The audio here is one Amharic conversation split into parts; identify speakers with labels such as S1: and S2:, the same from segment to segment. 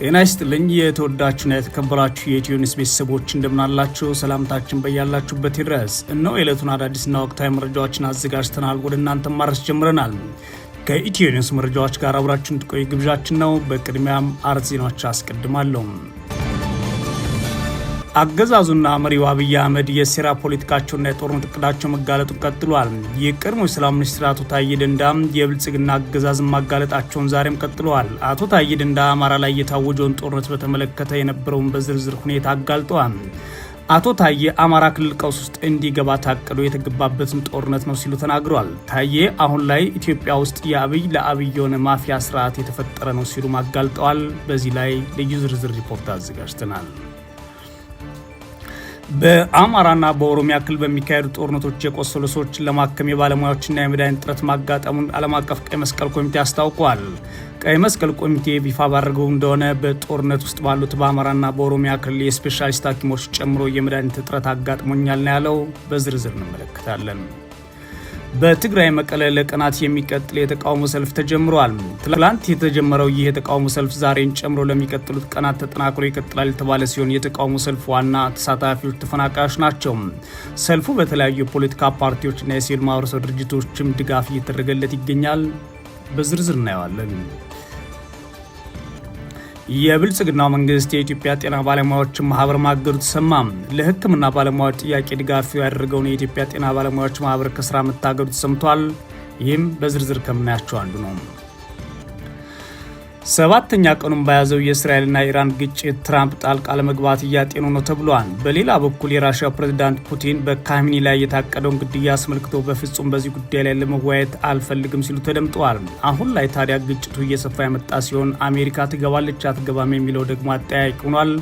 S1: ጤና ይስጥልኝ የተወዳችሁና የተከበራችሁ የኢትዮኒስ ቤተሰቦች እንደምናላችሁ ሰላምታችን በያላችሁበት ይድረስ። እነሆ የዕለቱን አዳዲስና ወቅታዊ መረጃዎችን አዘጋጅተናል ወደ እናንተ ማድረስ ጀምረናል። ከኢትዮኒስ መረጃዎች ጋር አብራችሁን ትቆዩ ግብዣችን ነው። በቅድሚያም አርዕስተ ዜናዎች አስቀድማለሁ። አገዛዙና መሪው አብይ አህመድ የሴራ ፖለቲካቸውና የጦርነት እቅዳቸው መጋለጡን ቀጥሏል። የቀድሞ የሰላም ሚኒስትር አቶ ታዬ ደንዳ የብልጽግና አገዛዝ ማጋለጣቸውን ዛሬም ቀጥለዋል። አቶ ታዬ ደንዳ አማራ ላይ የታወጀውን ጦርነት በተመለከተ የነበረውን በዝርዝር ሁኔታ አጋልጠዋል። አቶ ታዬ አማራ ክልል ቀውስ ውስጥ እንዲገባ ታቅዶ የተገባበትን ጦርነት ነው ሲሉ ተናግሯል። ታዬ አሁን ላይ ኢትዮጵያ ውስጥ የአብይ ለአብይ የሆነ ማፊያ ስርዓት የተፈጠረ ነው ሲሉም አጋልጠዋል። በዚህ ላይ ልዩ ዝርዝር ሪፖርት አዘጋጅተናል። በአማራና በኦሮሚያ ክልል በሚካሄዱ ጦርነቶች የቆሰሉ ሰዎችን ለማከም የባለሙያዎችና የመድኃኒት ጥረት ማጋጠሙን ዓለም አቀፍ ቀይ መስቀል ኮሚቴ አስታውቋል። ቀይ መስቀል ኮሚቴ ይፋ ባደረገው እንደሆነ በጦርነት ውስጥ ባሉት በአማራና በኦሮሚያ ክልል የስፔሻሊስት ሐኪሞች ጨምሮ የመድኃኒት እጥረት አጋጥሞኛል ነው ያለው። በዝርዝር እንመለከታለን። በትግራይ መቀለ ለቀናት የሚቀጥል የተቃውሞ ሰልፍ ተጀምሯል። ትላንት የተጀመረው ይህ የተቃውሞ ሰልፍ ዛሬን ጨምሮ ለሚቀጥሉት ቀናት ተጠናክሮ ይቀጥላል የተባለ ሲሆን የተቃውሞ ሰልፍ ዋና ተሳታፊዎች ተፈናቃዮች ናቸው። ሰልፉ በተለያዩ የፖለቲካ ፓርቲዎችና የሲቪል ማህበረሰብ ድርጅቶችም ድጋፍ እየተደረገለት ይገኛል። በዝርዝር እናየዋለን። የብልጽግናው መንግስት የኢትዮጵያ ጤና ባለሙያዎችን ማህበር ማገዱ ተሰማ። ለህክምና ባለሙያዎች ጥያቄ ድጋፍ ያደረገውን የኢትዮጵያ ጤና ባለሙያዎች ማህበር ከስራ መታገዱ ተሰምቷል። ይህም በዝርዝር ከምናያቸው አንዱ ነው። ሰባተኛ ቀኑን በያዘው የእስራኤልና ኢራን ግጭት ትራምፕ ጣልቃ ለመግባት እያጤኑ ነው ተብሏል። በሌላ በኩል የራሽያ ፕሬዚዳንት ፑቲን በካሚኒ ላይ የታቀደውን ግድያ አስመልክቶ በፍጹም በዚህ ጉዳይ ላይ ለመወያየት አልፈልግም ሲሉ ተደምጠዋል። አሁን ላይ ታዲያ ግጭቱ እየሰፋ የመጣ ሲሆን አሜሪካ ትገባለች አትገባም የሚለው ደግሞ አጠያቂ ሆኗል።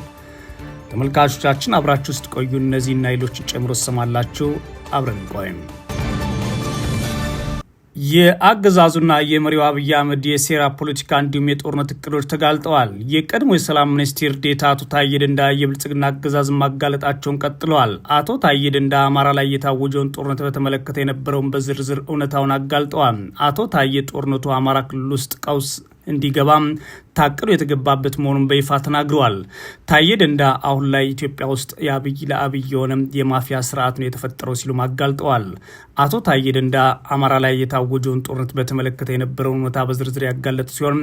S1: ተመልካቾቻችን አብራችሁ ውስጥ ቆዩ። እነዚህና ሌሎች ጨምሮ ሰማላችሁ። አብረን ቆይም የአገዛዙና የመሪው አብይ አህመድ የሴራ ፖለቲካ እንዲሁም የጦርነት እቅዶች ተጋልጠዋል። የቀድሞ የሰላም ሚኒስትር ዴታ አቶ ታዬ ደንዳ የብልጽግና አገዛዝ ማጋለጣቸውን ቀጥለዋል። አቶ ታዬ ደንዳ አማራ ላይ የታወጀውን ጦርነት በተመለከተ የነበረውን በዝርዝር እውነታውን አጋልጠዋል። አቶ ታዬ ጦርነቱ አማራ ክልል ውስጥ ቀውስ እንዲገባም ታቅዶ የተገባበት መሆኑን በይፋ ተናግረዋል። ታዬ ደንዳ አሁን ላይ ኢትዮጵያ ውስጥ የአብይ ለአብይ የሆነ የማፊያ ስርዓት ነው የተፈጠረው ሲሉም አጋልጠዋል። አቶ ታዬ ደንዳ አማራ ላይ የታወጀውን ጦርነት በተመለከተ የነበረውን ሁኔታ በዝርዝር ያጋለጥ ሲሆን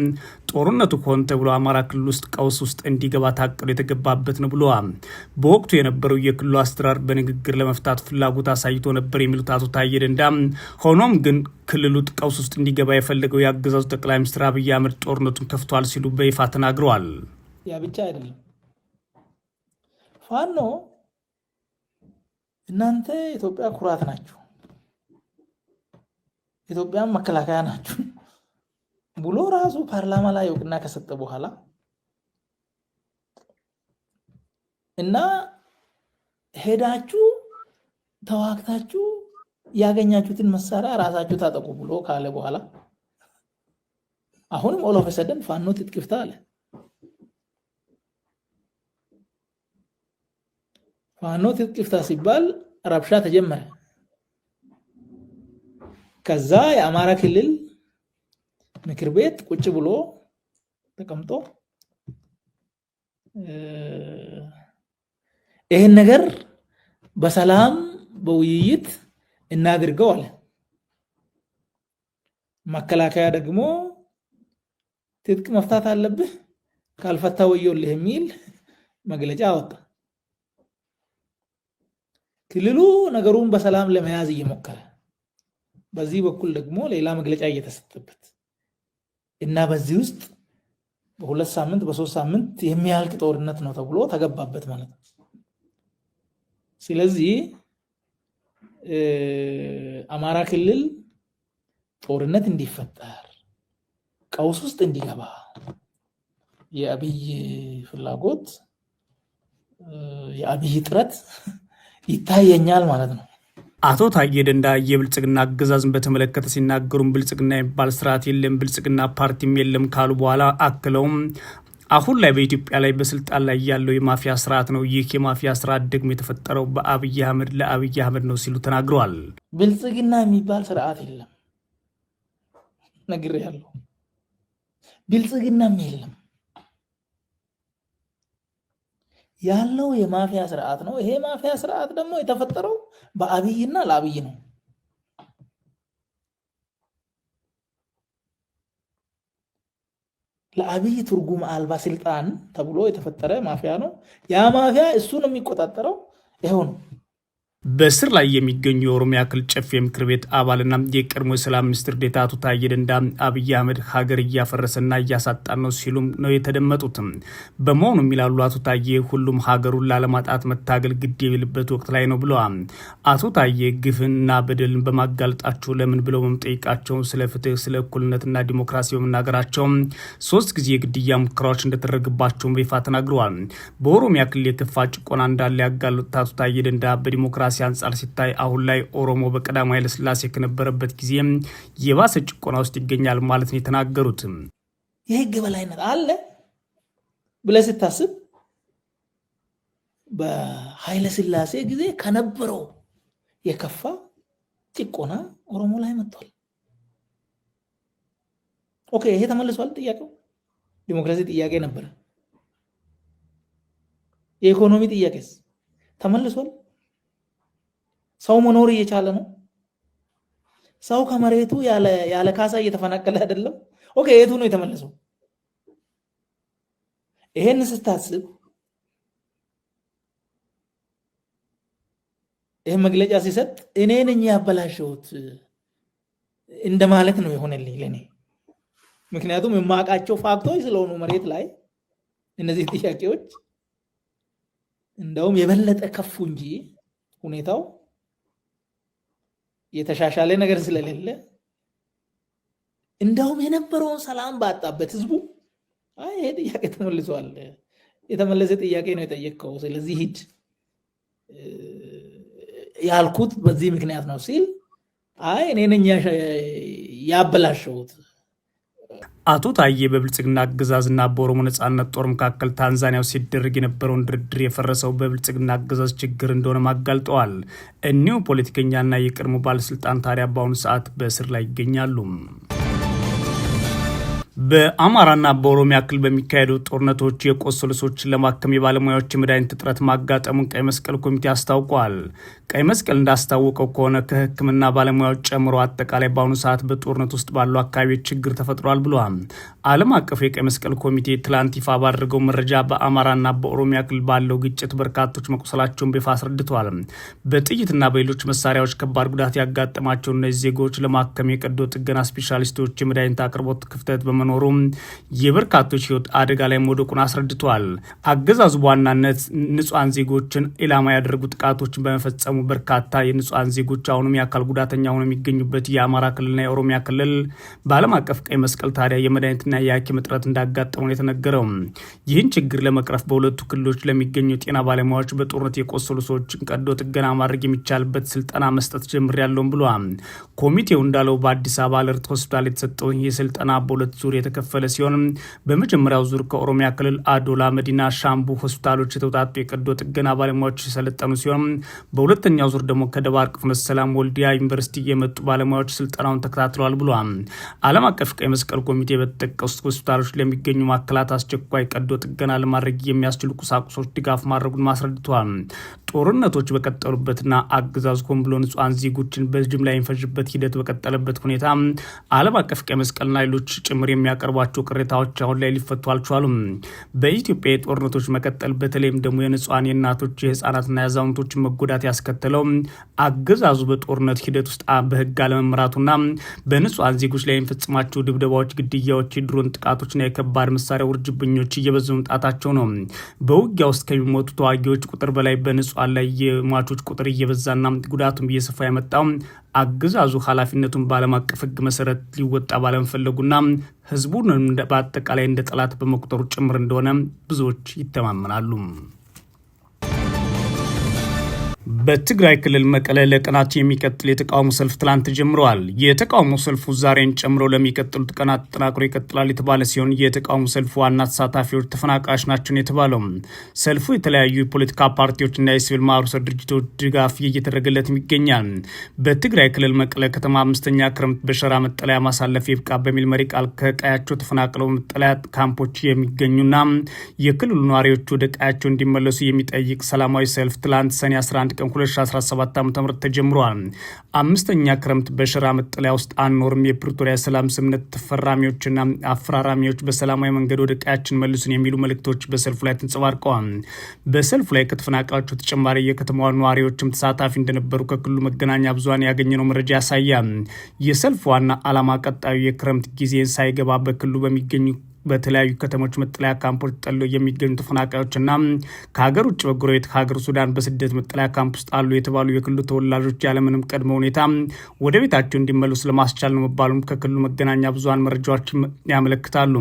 S1: ጦርነቱ ሆን ተብሎ አማራ ክልል ውስጥ ቀውስ ውስጥ እንዲገባ ታቅዶ የተገባበት ነው ብለዋል። በወቅቱ የነበረው የክልሉ አስተዳደር በንግግር ለመፍታት ፍላጎት አሳይቶ ነበር የሚሉት አቶ ታዬ ደንዳ ሆኖም ግን ክልሉ ቀውስ ውስጥ እንዲገባ የፈለገው የአገዛዙ ጠቅላይ ሚኒስትር አብይ አህመድ በማለት ጦርነቱን ከፍቷል ሲሉ በይፋ ተናግረዋል።
S2: ያ ብቻ አይደለም። ፋኖ እናንተ የኢትዮጵያ ኩራት ናችሁ፣ ኢትዮጵያን መከላከያ ናችሁ ብሎ ራሱ ፓርላማ ላይ እውቅና ከሰጠ በኋላ እና ሄዳችሁ ተዋግታችሁ ያገኛችሁትን መሳሪያ ራሳችሁ ታጠቁ ብሎ ካለ በኋላ አሁንም ኦሎፈሰደን ፋኖ ትጥቅፍታ አለ። ፋኖ ትጥቅፍታ ሲባል ረብሻ ተጀመረ። ከዛ የአማራ ክልል ምክር ቤት ቁጭ ብሎ ተቀምጦ ይህን ነገር በሰላም በውይይት እናድርገው አለ። መከላከያ ደግሞ ትጥቅ መፍታት አለብህ፣ ካልፈታ ወዮልህ የሚል መግለጫ አወጣ። ክልሉ ነገሩን በሰላም ለመያዝ እየሞከረ በዚህ በኩል ደግሞ ሌላ መግለጫ እየተሰጠበት እና በዚህ ውስጥ በሁለት ሳምንት በሶስት ሳምንት የሚያልቅ ጦርነት ነው ተብሎ ተገባበት ማለት ነው። ስለዚህ አማራ ክልል ጦርነት እንዲፈጠር ቀውስ ውስጥ እንዲገባ የአብይ ፍላጎት የአብይ ጥረት ይታየኛል ማለት ነው።
S1: አቶ ታዬ ደንዳ የብልጽግና አገዛዝን በተመለከተ ሲናገሩም ብልጽግና የሚባል ስርዓት የለም፣ ብልጽግና ፓርቲም የለም ካሉ በኋላ አክለውም አሁን ላይ በኢትዮጵያ ላይ በስልጣን ላይ ያለው የማፊያ ስርዓት ነው። ይህ የማፊያ ስርዓት ደግሞ የተፈጠረው በአብይ አህመድ ለአብይ አህመድ ነው ሲሉ ተናግረዋል።
S2: ብልጽግና የሚባል ስርዓት የለም ነግሬያለሁ። ብልጽግናም የለም። ያለው የማፊያ ስርዓት ነው። ይሄ ማፊያ ስርዓት ደግሞ የተፈጠረው በአብይና ለአብይ ነው። ለአብይ ትርጉም አልባ ስልጣን ተብሎ የተፈጠረ ማፊያ ነው። ያ ማፊያ እሱ ነው የሚቆጣጠረው።
S1: ይኸው ነው። በስር ላይ የሚገኙ የኦሮሚያ ክልል ጨፌ ምክር ቤት አባልና የቀድሞ የሰላም ሚኒስትር ዴኤታ አቶ ታዬ ደንዳ አብይ አህመድ ሀገር እያፈረሰና እያሳጣን ነው ሲሉም ነው የተደመጡትም። በመሆኑም ይላሉ አቶ ታዬ ሁሉም ሀገሩን ላለማጣት መታገል ግድ የሚልበት ወቅት ላይ ነው ብለዋል። አቶ ታዬ ግፍንና በደልን በማጋለጣቸው ለምን ብለው መጠየቃቸው፣ ስለ ፍትህ፣ ስለ እኩልነትና ዲሞክራሲ በመናገራቸው፣ ሶስት ጊዜ የግድያ ሙከራዎች እንደተደረገባቸው በይፋ ተናግረዋል። በኦሮሚያ ክልል የከፋ ጭቆና እንዳለ ያጋለጡት አቶ ታዬ ደንዳ በዲሞክራሲ እንቅስቃሴ አንጻር ሲታይ አሁን ላይ ኦሮሞ በቀዳማዊ ኃይለሥላሴ ከነበረበት ጊዜም የባሰ ጭቆና ውስጥ ይገኛል ማለት ነው የተናገሩት። የህግ በላይነት
S2: አለ ብለህ ስታስብ በኃይለ ስላሴ ጊዜ ከነበረው የከፋ ጭቆና ኦሮሞ ላይ መጥቷል። ኦኬ፣ ይሄ ተመልሷል። ጥያቄው ዲሞክራሲ ጥያቄ ነበረ። የኢኮኖሚ ጥያቄስ ተመልሷል? ሰው መኖር እየቻለ ነው። ሰው ከመሬቱ ያለ ካሳ እየተፈናቀለ አይደለም። ኦኬ፣ የቱ ነው የተመለሰው? ይሄን ስታስብ ይህን መግለጫ ሲሰጥ እኔ ነኝ ያበላሸሁት እንደማለት ነው የሆነልኝ ለእኔ። ምክንያቱም የማውቃቸው ፋክቶች ስለሆኑ መሬት ላይ እነዚህ ጥያቄዎች እንደውም የበለጠ ከፉ እንጂ ሁኔታው የተሻሻለ ነገር ስለሌለ እንደውም የነበረውን ሰላም ባጣበት ህዝቡ ይሄ ጥያቄ ተመልሰዋል። የተመለሰ ጥያቄ ነው የጠየቅከው፣ ስለዚህ ሂድ ያልኩት በዚህ ምክንያት ነው ሲል አይ እኔ ነኝ ያበላሸሁት
S1: አቶ ታዬ በብልጽግና አገዛዝና በኦሮሞ ነጻነት ጦር መካከል ታንዛኒያው ሲደረግ የነበረውን ድርድር የፈረሰው በብልጽግና አገዛዝ ችግር እንደሆነ ማጋልጠዋል። እኒሁ ፖለቲከኛና የቀድሞ ባለስልጣን ታዲያ በአሁኑ ሰዓት በእስር ላይ ይገኛሉ። በአማራና በኦሮሚያ ክልል በሚካሄዱ ጦርነቶች የቆሰሉ ሰዎችን ለማከም የባለሙያዎች የመድኃኒት እጥረት ማጋጠሙን ቀይ መስቀል ኮሚቴ አስታውቋል። ቀይ መስቀል እንዳስታወቀው ከሆነ ከሕክምና ባለሙያዎች ጨምሮ አጠቃላይ በአሁኑ ሰዓት በጦርነት ውስጥ ባሉ አካባቢዎች ችግር ተፈጥሯል ብሏል። ዓለም አቀፍ የቀይ መስቀል ኮሚቴ ትላንት ይፋ ባደረገው መረጃ በአማራና በኦሮሚያ ክልል ባለው ግጭት በርካቶች መቁሰላቸውን በይፋ አስረድተዋል። በጥይትና በሌሎች መሳሪያዎች ከባድ ጉዳት ያጋጠማቸው እነዚህ ዜጎች ለማከም የቀዶ ጥገና ስፔሻሊስቶች የመድኃኒት አቅርቦት ክፍተት በመኖሩ የበርካቶች ህይወት አደጋ ላይ መውደቁን አስረድተዋል። አገዛዙ በዋናነት ንጹሐን ዜጎችን ኢላማ ያደረጉ ጥቃቶችን በመፈጸሙ በርካታ የንጹሐን ዜጎች አሁንም የአካል ጉዳተኛ ሆነው የሚገኙበት የአማራ ክልልና የኦሮሚያ ክልል በዓለም አቀፍ ቀይ መስቀል ታዲያ የመድኃኒትና የመድኃኒትና የሐኪም እጥረት እንዳጋጠመው የተነገረው ይህን ችግር ለመቅረፍ በሁለቱ ክልሎች ለሚገኙ ጤና ባለሙያዎች በጦርነት የቆሰሉ ሰዎችን ቀዶ ጥገና ማድረግ የሚቻልበት ስልጠና መስጠት ጀምር ያለውም ብሏል። ኮሚቴው እንዳለው በአዲስ አበባ አለርት ሆስፒታል የተሰጠው ይህ ስልጠና በሁለት ዙር የተከፈለ ሲሆን በመጀመሪያው ዙር ከኦሮሚያ ክልል አዶላ፣ መዲና፣ ሻምቡ ሆስፒታሎች የተውጣጡ የቀዶ ጥገና ባለሙያዎች የሰለጠኑ ሲሆን በሁለተኛው ዙር ደግሞ ከደባርቅ ፍኖተ ሰላም፣ ወልዲያ ዩኒቨርሲቲ የመጡ ባለሙያዎች ስልጠናውን ተከታትለዋል ብሏል። ዓለም አቀፍ ቀይ መስቀል ኮሚቴ በተጠቀ ውስጥ ሆስፒታሎች ለሚገኙ ማዕከላት አስቸኳይ ቀዶ ጥገና ለማድረግ የሚያስችሉ ቁሳቁሶች ድጋፍ ማድረጉን ማስረድተዋል። ጦርነቶች በቀጠሉበትና አገዛዝ ሆን ብሎ ንጹሐን ዜጎችን በጅምላ የሚፈጅበት ሂደት በቀጠለበት ሁኔታ ዓለም አቀፍ ቀይ መስቀልና ሌሎች ጭምር የሚያቀርቧቸው ቅሬታዎች አሁን ላይ ሊፈቱ አልቻሉም። በኢትዮጵያ የጦርነቶች መቀጠል በተለይም ደግሞ የንጹሐን የእናቶች የህፃናትና የአዛውንቶችን መጎዳት ያስከተለው አገዛዙ በጦርነት ሂደት ውስጥ በህግ አለመምራቱና በንጹሐን ዜጎች ላይ የሚፈጽማቸው ድብደባዎች፣ ግድያዎች የድሮን ጥቃቶችና የከባድ መሳሪያ ውርጅብኞች እየበዙ መምጣታቸው ነው። በውጊያ ውስጥ ከሚሞቱ ተዋጊዎች ቁጥር በላይ በንጹሐን ላይ የሟቾች ቁጥር እየበዛና ጉዳቱም እየሰፋ የመጣው አገዛዙ ኃላፊነቱን በዓለም አቀፍ ሕግ መሰረት ሊወጣ ባለመፈለጉና ህዝቡን በአጠቃላይ እንደ ጠላት በመቁጠሩ ጭምር እንደሆነ ብዙዎች ይተማመናሉ። በትግራይ ክልል መቀለ ለቀናት የሚቀጥል የተቃውሞ ሰልፍ ትላንት ጀምረዋል። የተቃውሞ ሰልፉ ዛሬን ጨምሮ ለሚቀጥሉት ቀናት ተጠናክሮ ይቀጥላል የተባለ ሲሆን የተቃውሞ ሰልፉ ዋና ተሳታፊዎች ተፈናቃዮች ናቸው የተባለው ሰልፉ የተለያዩ የፖለቲካ ፓርቲዎችና የሲቪል ማህበረሰብ ድርጅቶች ድጋፍ እየተደረገለትም ይገኛል። በትግራይ ክልል መቀለ ከተማ አምስተኛ ክረምት በሸራ መጠለያ ማሳለፍ ይብቃ በሚል መሪ ቃል ከቀያቸው ተፈናቅለው መጠለያ ካምፖች የሚገኙና የክልሉ ነዋሪዎች ወደ ቀያቸው እንዲመለሱ የሚጠይቅ ሰላማዊ ሰልፍ ትላንት ሰኔ 11 ቀን 2017 ዓ ም ተጀምሯል። አምስተኛ ክረምት በሽራ መጠለያ ውስጥ አኖርም። የፕሪቶሪያ ሰላም ስምነት ተፈራሚዎችና አፈራራሚዎች በሰላማዊ መንገድ ወደ ቀያችን መልሱን የሚሉ መልእክቶች በሰልፉ ላይ ተንጸባርቀዋል። በሰልፉ ላይ ከተፈናቃዮቹ ተጨማሪ የከተማዋ ነዋሪዎችም ተሳታፊ እንደነበሩ ከክልሉ መገናኛ ብዙሃን ያገኘነው መረጃ ያሳያል። የሰልፍ ዋና ዓላማ ቀጣዩ የክረምት ጊዜን ሳይገባ በክልሉ በሚገኙ በተለያዩ ከተሞች መጠለያ ካምፖች ጠሎ የሚገኙ ተፈናቃዮችና ከሀገር ውጭ በጎረቤት ከሀገር ሱዳን በስደት መጠለያ ካምፕ ውስጥ አሉ የተባሉ የክልሉ ተወላጆች ያለምንም ቅድመ ሁኔታ ወደ ቤታቸው እንዲመለሱ ለማስቻል ነው መባሉም ከክልሉ መገናኛ ብዙሀን መረጃዎች ያመለክታሉ።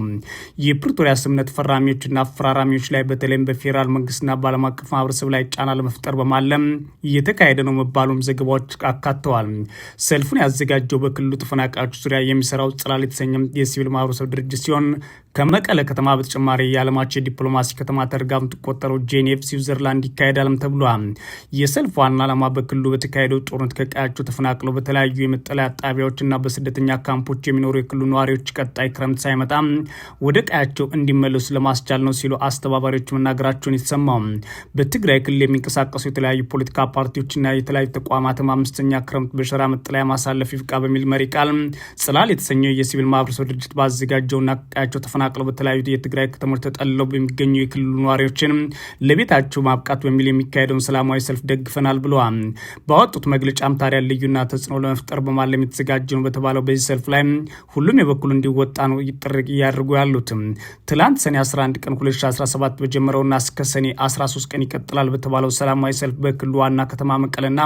S1: የፕሪቶሪያ ስምምነት ፈራሚዎችና አፈራራሚዎች ላይ በተለይም በፌዴራል መንግስትና በዓለም አቀፍ ማህበረሰብ ላይ ጫና ለመፍጠር በማለም እየተካሄደ ነው መባሉም ዘገባዎች አካተዋል። ሰልፉን ያዘጋጀው በክልሉ ተፈናቃዮች ዙሪያ የሚሰራው ጽላል የተሰኘም የሲቪል ማህበረሰብ ድርጅት ሲሆን ከመቀለ ከተማ በተጨማሪ የዓለማቸው የዲፕሎማሲ ከተማ ተደርጋ የምትቆጠረው ጄኔቭ ስዊዘርላንድ ይካሄዳልም ተብሏል። የሰልፍ ዋና ዓላማ በክልሉ በተካሄደው ጦርነት ከቀያቸው ተፈናቅለው በተለያዩ የመጠለያ ጣቢያዎችና በስደተኛ ካምፖች የሚኖሩ የክልሉ ነዋሪዎች ቀጣይ ክረምት ሳይመጣ ወደ ቀያቸው እንዲመለሱ ለማስቻል ነው ሲሉ አስተባባሪዎች መናገራቸውን የተሰማው በትግራይ ክልል የሚንቀሳቀሱ የተለያዩ ፖለቲካ ፓርቲዎችና የተለያዩ ተቋማትም አምስተኛ ክረምት በሸራ መጠለያ ማሳለፍ ይብቃ በሚል መሪ ቃል ጽላል የተሰኘው የሲቪል ማህበረሰብ ድርጅት ባዘጋጀውና ቀያቸው ተፈና ተፈናቅለው በተለያዩ የትግራይ ከተሞች ተጠልለው በሚገኙ የክልሉ ነዋሪዎችን ለቤታቸው ማብቃት በሚል የሚካሄደውን ሰላማዊ ሰልፍ ደግፈናል ብለዋል። ባወጡት መግለጫም ታዲያ ልዩና ተጽዕኖ ለመፍጠር በማለም የተዘጋጀ ነው በተባለው በዚህ ሰልፍ ላይ ሁሉም የበኩሉ እንዲወጣ ነው ጥሪ እያደርጉ ያሉት። ትላንት ሰኔ 11 ቀን 2017 በጀመረውና እስከ ሰኔ 13 ቀን ይቀጥላል በተባለው ሰላማዊ ሰልፍ በክልሉ ዋና ከተማ መቀለና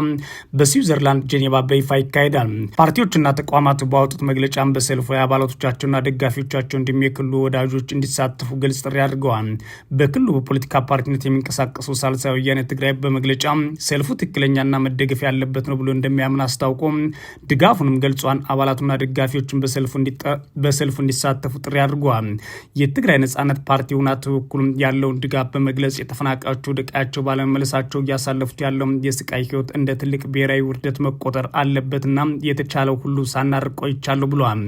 S1: በስዊዘርላንድ ጄኔቫ በይፋ ይካሄዳል። ፓርቲዎችና ተቋማቱ ባወጡት መግለጫም በሰልፉ የአባላቶቻቸውና ደጋፊዎቻቸው እንዲሁም የክልሉ ወዳጆች እንዲሳተፉ ግልጽ ጥሪ አድርገዋል። በክልሉ በፖለቲካ ፓርቲነት የሚንቀሳቀሰው ሳልሳይ ወያነ ትግራይ በመግለጫ ሰልፉ ትክክለኛና መደገፍ ያለበት ነው ብሎ እንደሚያምን አስታውቆ ድጋፉንም ገልጿን። አባላቱና ደጋፊዎችን በሰልፉ እንዲሳተፉ ጥሪ አድርገዋል። የትግራይ ነጻነት ፓርቲ ውና ተወኩል ያለውን ድጋፍ በመግለጽ የተፈናቃዮቹ ደቃያቸው ባለመመለሳቸው እያሳለፉት ያለው የስቃይ ህይወት እንደ ትልቅ ብሔራዊ ውርደት መቆጠር አለበትና የተቻለው ሁሉ ሳናርቆ ይቻለሁ ብለዋል።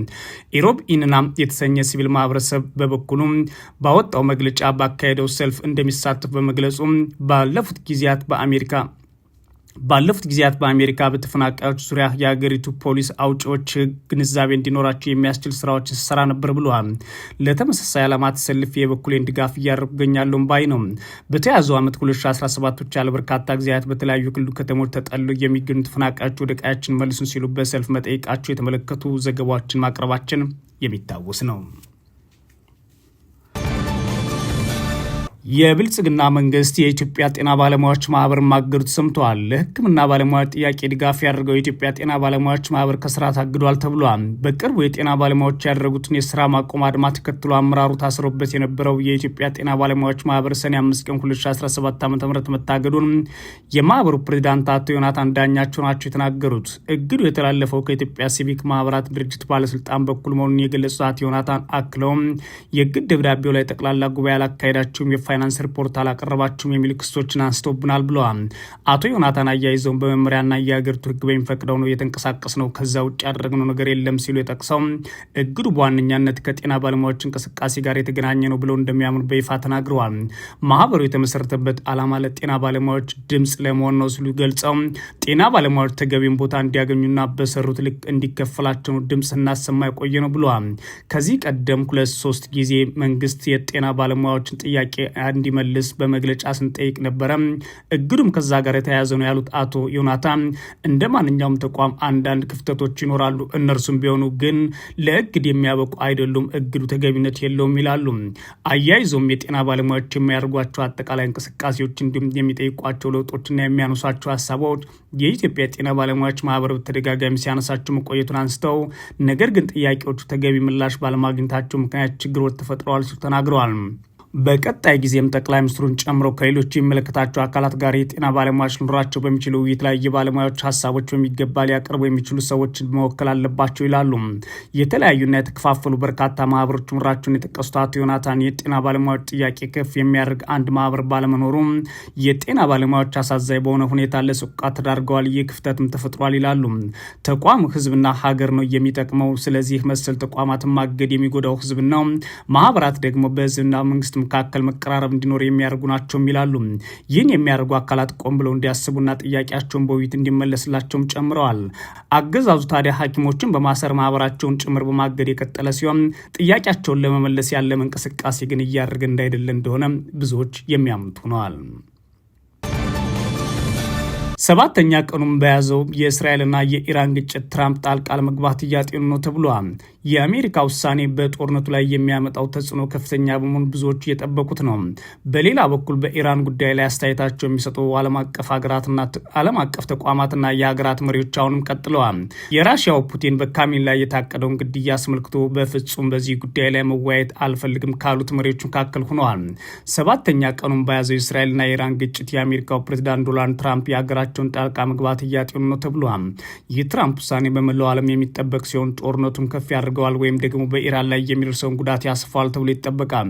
S1: ኢሮብ ኢንና የተሰኘ ሲቪል ማህበረሰብ በበኩሉም ባወጣው መግለጫ ባካሄደው ሰልፍ እንደሚሳተፍ በመግለጹ ባለፉት ጊዜያት በአሜሪካ ባለፉት ጊዜያት በአሜሪካ በተፈናቃዮች ዙሪያ የአገሪቱ ፖሊስ አውጪዎች ግንዛቤ እንዲኖራቸው የሚያስችል ስራዎችን ሲሰራ ነበር ብለዋል። ለተመሳሳይ ዓላማ ተሰልፍ የበኩሌን ድጋፍ እያደረጉ እገኛለሁ ባይ ነው። በተያዘው ዓመት 2017 ብቻ ለበርካታ ጊዜያት በተለያዩ ክልሉ ከተሞች ተጠሉ የሚገኙ ተፈናቃዮች ወደ ቀያችን መልሱን ሲሉ በሰልፍ መጠየቃቸው የተመለከቱ ዘገባዎችን ማቅረባችን የሚታወስ ነው። የብልጽግና መንግስት የኢትዮጵያ ጤና ባለሙያዎች ማህበር ማገዱት ሰምተዋል። ለህክምና ባለሙያዎች ጥያቄ ድጋፍ ያደርገው የኢትዮጵያ ጤና ባለሙያዎች ማህበር ከስራ ታግዷል ተብሏል። በቅርቡ የጤና ባለሙያዎች ያደረጉትን የስራ ማቆም አድማ ተከትሎ አመራሩ ታስሮበት የነበረው የኢትዮጵያ ጤና ባለሙያዎች ማህበር ሰኔ አምስት ቀን 2017 ዓ ም መታገዱን የማህበሩ ፕሬዚዳንት አቶ ዮናታን ዳኛቸው ናቸው የተናገሩት። እግዱ የተላለፈው ከኢትዮጵያ ሲቪክ ማህበራት ድርጅት ባለስልጣን በኩል መሆኑን የገለጹት ዮናታን አክለውም የእግድ ደብዳቤው ላይ ጠቅላላ ጉባኤ አላካሄዳቸውም ፋይናንስ ሪፖርት አላቀረባችሁም የሚል ክሶችን አንስቶብናል ብለዋል። አቶ ዮናታን አያይዘውን በመመሪያና የአገሪቱ ህግ በሚፈቅደው ነው የተንቀሳቀስ ነው፣ ከዛ ውጭ ያደረግነው ነገር የለም ሲሉ የጠቅሰው እግዱ በዋነኛነት ከጤና ባለሙያዎች እንቅስቃሴ ጋር የተገናኘ ነው ብለው እንደሚያምኑ በይፋ ተናግረዋል። ማህበሩ የተመሰረተበት አላማ ለጤና ባለሙያዎች ድምፅ ለመሆን ነው ሲሉ ገልጸው ጤና ባለሙያዎች ተገቢውን ቦታ እንዲያገኙና በሰሩት ልክ እንዲከፈላቸው ድምፅ እናሰማ የቆየ ነው ብለዋል። ከዚህ ቀደም ሁለት ሶስት ጊዜ መንግስት የጤና ባለሙያዎችን ጥያቄ እንዲመልስ በመግለጫ ስንጠይቅ ነበረ። እግዱም ከዛ ጋር የተያያዘ ነው ያሉት አቶ ዮናታን እንደ ማንኛውም ተቋም አንዳንድ ክፍተቶች ይኖራሉ። እነርሱም ቢሆኑ ግን ለእግድ የሚያበቁ አይደሉም። እግዱ ተገቢነት የለውም ይላሉ። አያይዞም የጤና ባለሙያዎች የሚያደርጓቸው አጠቃላይ እንቅስቃሴዎች እንዲሁም የሚጠይቋቸው ለውጦችና የሚያነሷቸው ሀሳቦች የኢትዮጵያ የጤና ባለሙያዎች ማህበር በተደጋጋሚ ሲያነሳቸው መቆየቱን አንስተው ነገር ግን ጥያቄዎቹ ተገቢ ምላሽ ባለማግኘታቸው ምክንያት ችግሮች ተፈጥረዋል ሲሉ ተናግረዋል። በቀጣይ ጊዜም ጠቅላይ ሚኒስትሩን ጨምሮ ከሌሎች የሚመለከታቸው አካላት ጋር የጤና ባለሙያዎች ሊኖራቸው በሚችሉ የተለያዩ ባለሙያዎች ሀሳቦች በሚገባ ሊያቀርቡ የሚችሉ ሰዎች መወከል አለባቸው ይላሉ። የተለያዩና የተከፋፈሉ በርካታ ማህበሮች ምራቸውን የጠቀሱት አቶ ዮናታን የጤና ባለሙያዎች ጥያቄ ከፍ የሚያደርግ አንድ ማህበር ባለመኖሩ የጤና ባለሙያዎች አሳዛኝ በሆነ ሁኔታ ለስቃ ተዳርገዋል። ይህ ክፍተትም ተፈጥሯል ይላሉ። ተቋም ህዝብና ሀገር ነው የሚጠቅመው። ስለዚህ መሰል ተቋማትን ማገድ የሚጎዳው ህዝብ ነው። ማህበራት ደግሞ በህዝብና መንግስት መካከል መቀራረብ እንዲኖር የሚያደርጉ ናቸውም ይላሉ። ይህን የሚያደርጉ አካላት ቆም ብለው እንዲያስቡና ጥያቄያቸውን በውይይት እንዲመለስላቸውም ጨምረዋል። አገዛዙ ታዲያ ሐኪሞችን በማሰር ማህበራቸውን ጭምር በማገድ የቀጠለ ሲሆን ጥያቄያቸውን ለመመለስ ያለም እንቅስቃሴ ግን እያደረገ እንዳይደለ እንደሆነ ብዙዎች የሚያምኑት ሆነዋል። ሰባተኛ ቀኑም በያዘው የእስራኤልና የኢራን ግጭት ትራምፕ ጣልቃ ለመግባት እያጤኑ ነው ተብሏል። የአሜሪካ ውሳኔ በጦርነቱ ላይ የሚያመጣው ተጽዕኖ ከፍተኛ በመሆን ብዙዎች እየጠበቁት ነው። በሌላ በኩል በኢራን ጉዳይ ላይ አስተያየታቸው የሚሰጡ ዓለም አቀፍ ሀገራትና ዓለም አቀፍ ተቋማትና የሀገራት መሪዎች አሁንም ቀጥለዋል። የራሽያው ፑቲን በካሚል ላይ የታቀደውን ግድያ አስመልክቶ በፍጹም በዚህ ጉዳይ ላይ መወያየት አልፈልግም ካሉት መሪዎች መካከል ሆነዋል። ሰባተኛ ቀኑም በያዘው የእስራኤልና የኢራን ግጭት የአሜሪካው ፕሬዚዳንት ዶናልድ ትራምፕ የሀገራቸው ራሳቸውን ጣልቃ መግባት እያጤኑ ነው ተብሏል። ይህ ትራምፕ ውሳኔ በመላው ዓለም የሚጠበቅ ሲሆን ጦርነቱን ከፍ ያደርገዋል ወይም ደግሞ በኢራን ላይ የሚደርሰውን ጉዳት ያስፋል ተብሎ ይጠበቃል።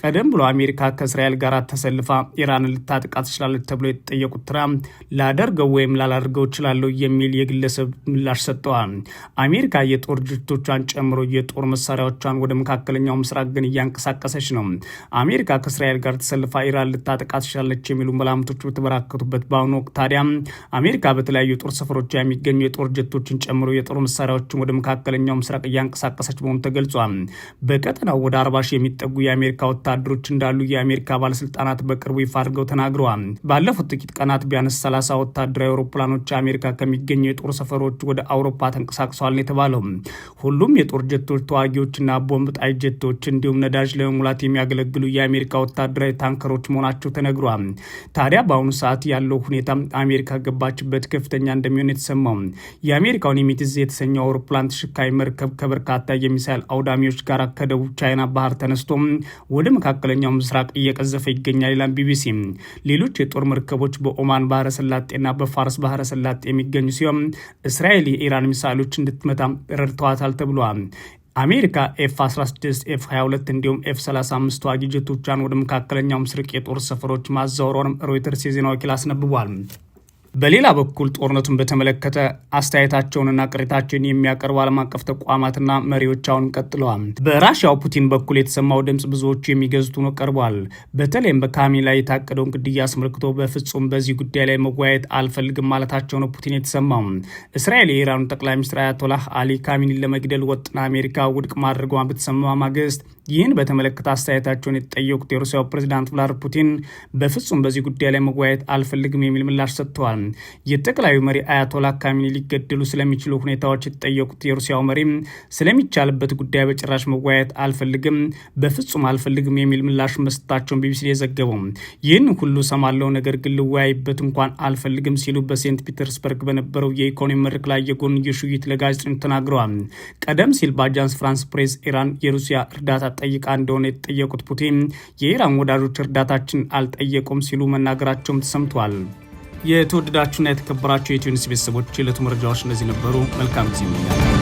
S1: ቀደም ብሎ አሜሪካ ከእስራኤል ጋር ተሰልፋ ኢራንን ልታጥቃ ትችላለች ተብሎ የተጠየቁት ትራምፕ ላደርገው ወይም ላላደርገው እችላለሁ የሚል የግለሰብ ምላሽ ሰጥተዋል። አሜሪካ የጦር ድርጅቶቿን ጨምሮ የጦር መሳሪያዎቿን ወደ መካከለኛው ምስራቅ ግን እያንቀሳቀሰች ነው። አሜሪካ ከእስራኤል ጋር ተሰልፋ ኢራን ልታጥቃ ትችላለች የሚሉ መላምቶች በተበራከቱበት በአሁኑ ወቅት ታዲያም አሜሪካ በተለያዩ የጦር ሰፈሮች የሚገኙ የጦር ጀቶችን ጨምሮ የጦር መሳሪያዎችን ወደ መካከለኛው ምስራቅ እያንቀሳቀሰች መሆኑ ተገልጿል። በቀጠናው ወደ አርባ ሺህ የሚጠጉ የአሜሪካ ወታደሮች እንዳሉ የአሜሪካ ባለስልጣናት በቅርቡ ይፋ አድርገው ተናግረዋል። ባለፉት ጥቂት ቀናት ቢያንስ ሰላሳ ወታደራዊ አውሮፕላኖች አሜሪካ ከሚገኙ የጦር ሰፈሮች ወደ አውሮፓ ተንቀሳቅሰዋል ነው የተባለው። ሁሉም የጦር ጀቶች ተዋጊዎችና ቦምብ ጣይ ጀቶች እንዲሁም ነዳጅ ለመሙላት የሚያገለግሉ የአሜሪካ ወታደራዊ ታንከሮች መሆናቸው ተነግሯል። ታዲያ በአሁኑ ሰዓት ያለው ሁኔታ አሜሪካ አሜሪካ ገባችበት ከፍተኛ እንደሚሆን የተሰማው የአሜሪካውን የሚቲዝ የተሰኘው አውሮፕላን ተሸካሚ መርከብ ከበርካታ የሚሳይል አውዳሚዎች ጋር ከደቡብ ቻይና ባህር ተነስቶ ወደ መካከለኛው ምስራቅ እየቀዘፈ ይገኛል ይላል ቢቢሲ። ሌሎች የጦር መርከቦች በኦማን ባህረ ሰላጤና በፋርስ ባህረ ሰላጤ የሚገኙ ሲሆን እስራኤል የኢራን ሚሳይሎች እንድትመታ ረድተዋታል ተብሏል። አሜሪካ ኤፍ 16 ኤፍ 22 እንዲሁም ኤፍ 35 ተዋጊ ጀቶቿን ወደ መካከለኛው ምስራቅ የጦር ሰፈሮች ማዛወሯንም ሮይተርስ የዜና ወኪል አስነብቧል። በሌላ በኩል ጦርነቱን በተመለከተ አስተያየታቸውንና ቅሬታቸውን የሚያቀርቡ ዓለም አቀፍ ተቋማትና መሪዎች አሁን ቀጥለዋል። በራሽያው ፑቲን በኩል የተሰማው ድምፅ ብዙዎቹ የሚገዙት ሆኖ ቀርቧል። በተለይም በካሚ ላይ የታቀደውን ግድያ አስመልክቶ በፍጹም በዚህ ጉዳይ ላይ መወያየት አልፈልግም ማለታቸው ነው ፑቲን የተሰማው። እስራኤል የኢራኑ ጠቅላይ ሚኒስትር አያቶላህ አሊ ካሚኒን ለመግደል ወጥና አሜሪካ ውድቅ ማድረጓ በተሰማ ማግስት ይህን በተመለከተ አስተያየታቸውን የተጠየቁት የሩሲያው ፕሬዚዳንት ቭላድሚር ፑቲን በፍጹም በዚህ ጉዳይ ላይ መወያየት አልፈልግም የሚል ምላሽ ሰጥተዋል። የጠቅላዩ መሪ አያቶላ ካሚኒ ሊገደሉ ስለሚችሉ ሁኔታዎች የተጠየቁት የሩሲያው መሪ ስለሚቻልበት ጉዳይ በጭራሽ መወያየት አልፈልግም፣ በፍጹም አልፈልግም የሚል ምላሽ መስጠታቸውን ቢቢሲ የዘገበው ይህን ሁሉ ሰማለው፣ ነገር ግን ልወያይበት እንኳን አልፈልግም ሲሉ በሴንት ፒተርስበርግ በነበረው የኢኮኖሚ መድረክ ላይ የጎንዮሽ ውይይት ለጋዜጠኞች ተናግረዋል። ቀደም ሲል በአጃንስ ፍራንስ ፕሬስ ኢራን የሩሲያ እርዳታ ጠይቃ እንደሆነ የተጠየቁት ፑቲን የኢራን ወዳጆች እርዳታችን አልጠየቁም ሲሉ መናገራቸውም ተሰምቷል። የተወደዳችሁና የተከበራችሁ የኢትዮ ኒውስ ቤተሰቦች የዕለቱ መረጃዎች እነዚህ ነበሩ። መልካም ጊዜ